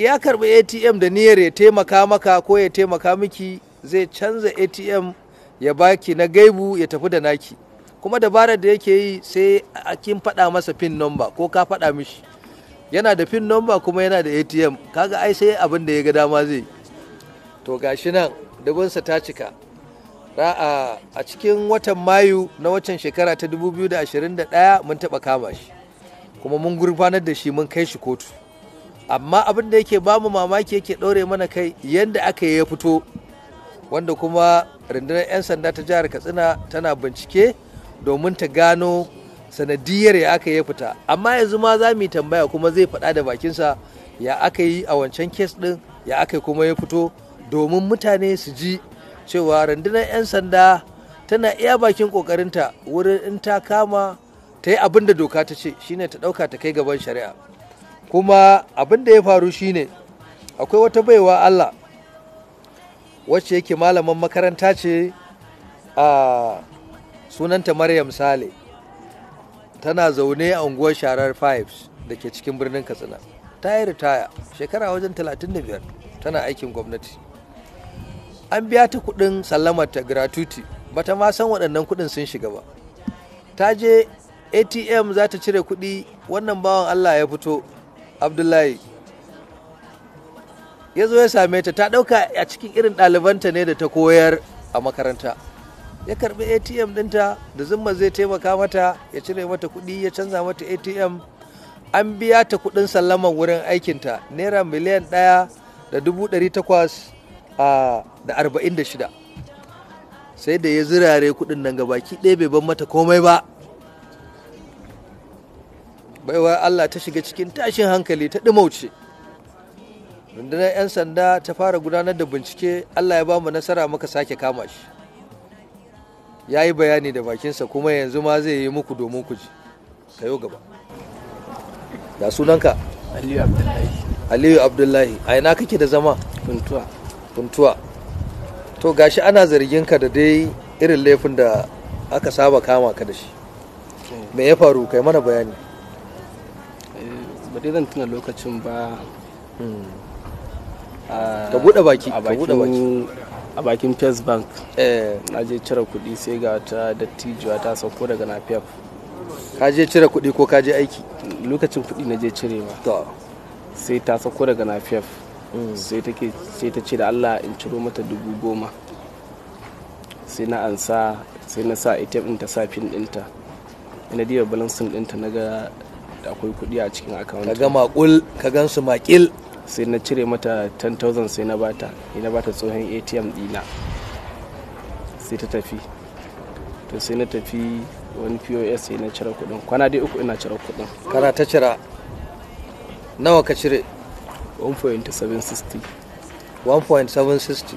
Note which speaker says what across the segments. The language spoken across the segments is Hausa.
Speaker 1: ya karbi atm da niyyar ya taimaka maka ko ya taimaka miki zai canza atm ya baki na gaibu ya tafi da naki kuma dabarar da yake yi sai a kin faɗa masa pin number ko ka faɗa mishi yana da pin number kuma yana da atm kaga ai sai abin da ya ga dama zai to gashi nan dubinsa ta cika ra'a a cikin watan mayu na waccan shekara ta 2021 mun taɓa kama shi kuma mun gurfanar da shi mun kai shi kotu amma abin da yake bamu mamaki yake ɗaure mana kai yadda aka yi ya fito wanda kuma rundunar 'yan sanda ta jihar katsina tana bincike domin ta gano sanadiyar ya aka ya fita amma yanzu ma za mu yi tambaya kuma zai faɗa da bakinsa ya aka yi a wancan kes ɗin ya aka yi kuma ya fito domin mutane su ji cewa rundunar 'yan sanda tana iya bakin ƙoƙarinta wurin in ta kama ta yi abin da doka ta ce shine ta ɗauka ta kai gaban shari'a kuma abin da ya faru shine akwai wata baiwa allah wacce yake malaman makaranta ce a sunanta maryam sale tana zaune a unguwar sharar fives da ke cikin birnin katsina ta yi ritaya shekara wajen 35 tana aikin gwamnati an biya ta kudin sallamarta gratuity bata ma san waɗannan kudin sun shiga ba ta je atm za ta cire kudi wannan bawan allah ya fito abdullahi ya zo ya same ta ta ɗauka a cikin irin ɗalibanta ne da ta koyar a makaranta ya karbi atm ɗinta da zumma zai taimaka mata ya cire mata kuɗi ya canza mata atm an biya ta kuɗin sallaman wurin aikinta naira miliyan ɗaya da dubu ɗari takwas da arba'in da shida sai da ya zirare kuɗin nan gabaki ɗaya bai ban mata komai ba baiwa allah ta shiga cikin tashin hankali ta ɗimauce rundunar 'yan sanda ta fara gudanar da bincike allah ya ba mu nasara muka sake kama shi ya yi bayani da bakinsa kuma yanzu ma zai yi muku domin ku ji kayo gaba da sunanka aliyu abdullahi aliyu abdullahi a ina kake da zama Kuntuwa. Kuntuwa. to gashi ana zargin ka da dai irin laifin da aka saba kama ka da shi eh. me ya faru kai mana bayani
Speaker 2: ba tuna lokacin ba hmm. ah, ka buɗe baki ka buɗe baki a bakin first bank eh. na je cire kuɗi sai ga ta dattijuwa ta sauko daga pep ka je cire kudi ko ka je aiki lokacin kuɗi na je cirewa sai ta sauko daga napep hmm. sai take sai ta ce da Allah in ciro mata dubu goma sai na ansa sai na sa ATM ɗin ta sa pin ɗinta ina diba balansin ɗinta na ga da akwai kuɗi a cikin account ga
Speaker 1: makul ka gansu makil sai
Speaker 2: na cire mata 10000 sai na bata ni na bata tsohon ATM dina sai ta tafi to sai na tafi wani POS sai na cire kuɗin kwana
Speaker 1: dai uku ina cire kuɗin kana ta cira nawa ka cire 1.760 1.760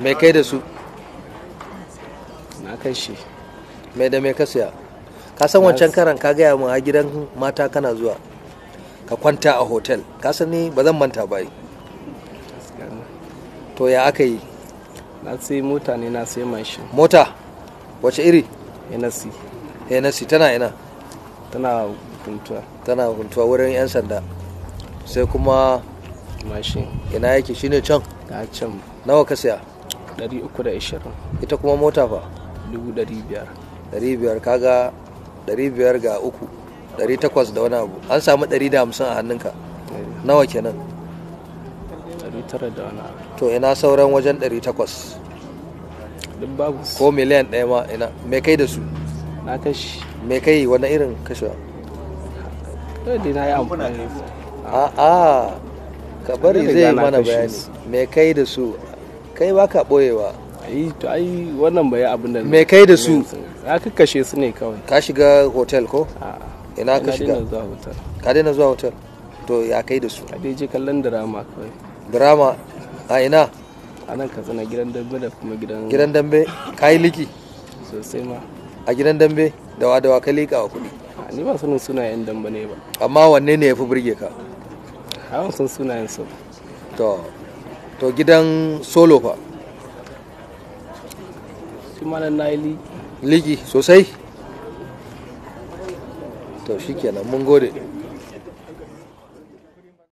Speaker 1: mai kai da su na kan shi mai da mai ka siya ka san wancan karan ka gaya mu a gidan mata kana zuwa ka kwanta a hotel ka san ni ba zan manta ba to ya aka yi na sai mota ne na sai mashin mota wace iri nsi nsi tana ina tana huntuwa tana huntuwa wurin yan sanda sai kuma mashin ina yake shine can ga can nawa ka saya 320 ita kuma mota fa 500 500 kaga 500 ga 3 800 da wani abu an samu 150 a hannunka nawa kenan 900 to ina sauran wajen 800 ko miliyan ɗaya ma ina mai kai da su na kashi mai kai wani irin kashewa
Speaker 2: dai na yi amfani
Speaker 1: a a ka bari zai mana bayani mai kai da su kai ba ka boyewa ai to ai wannan bai abin da me kai da su ya kakkashe su ne kawai ka shiga hotel ko ina ka shiga ka daina zuwa hotel to ya kai da su a dai je kallon drama kawai drama a ina a nan ka tsana gidan dambe da kuma gidan gidan dambe ka yi liki sosai ma a gidan dambe dawa dawa ka lika wa kuɗi ni ba sanin sunayen dambe ne ba amma wanne ne ya fi burge ka a sun sunayen su to to gidan solo fa malam na yi ligi sosai to shi kenan mun gode